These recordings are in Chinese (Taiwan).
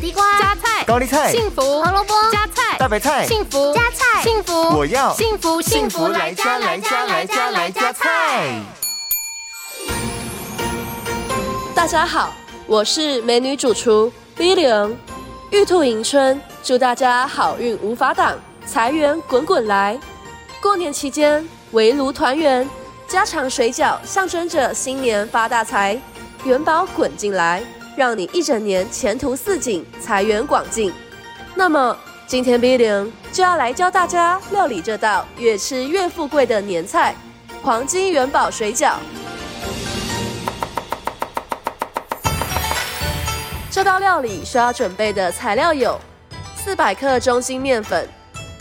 地瓜加菜，高麗菜，幸福；胡蘿蔔，加菜，大白菜，幸福；加菜，幸福。我要幸福，幸福來加，來加，來加，來加菜。大家好，我是美女主廚 Vilion 玉兔迎春，祝大家好運無法擋，財源滾滾來。過年期間圍爐團圓，家常水餃象徵着新年發大財，元寶滾進來。讓你一整年前途似錦、財源廣進。那麼今天 Billion 就要來教大家料理這道越吃越富貴的年菜——黃金元寶水餃。 這道料理需要準備的材料有：四百克中筋麵粉、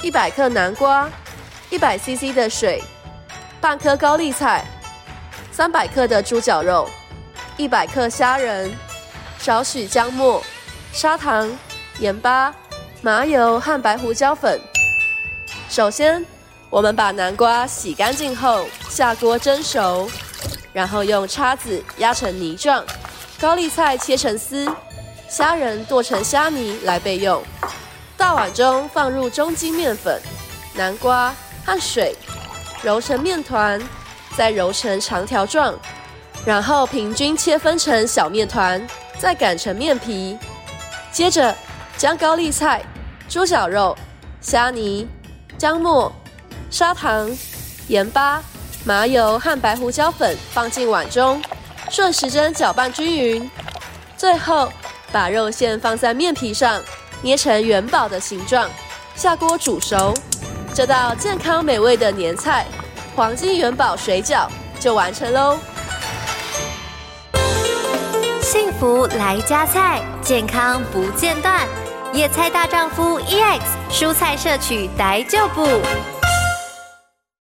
一百克南瓜、一百 CC 的水、半顆高麗菜、三百克的豬絞肉、一百克蝦仁。少許薑末、砂糖、鹽巴、麻油和白胡椒粉。首先，我們把南瓜洗乾淨後下鍋蒸熟，然後用叉子壓成泥狀。高麗菜切成絲，蝦仁剁成蝦泥來備用。大碗中放入中筋麵粉、南瓜和水，揉成麵糰，再揉成長條狀。然後平均切分成小麵糰，再擀成麵皮。接着將高麗菜、豬腳肉、蝦泥、薑末、砂糖、鹽巴、麻油和白胡椒粉放進碗中，順時針攪拌均勻。最後把肉餡放在麵皮上，捏成元寶的形狀，下鍋煮熟。這道健康美味的年菜——黃金元寶水餃就完成嘍。福來加菜，健康不間斷。野菜大丈夫 EX，蔬菜攝取逮就補。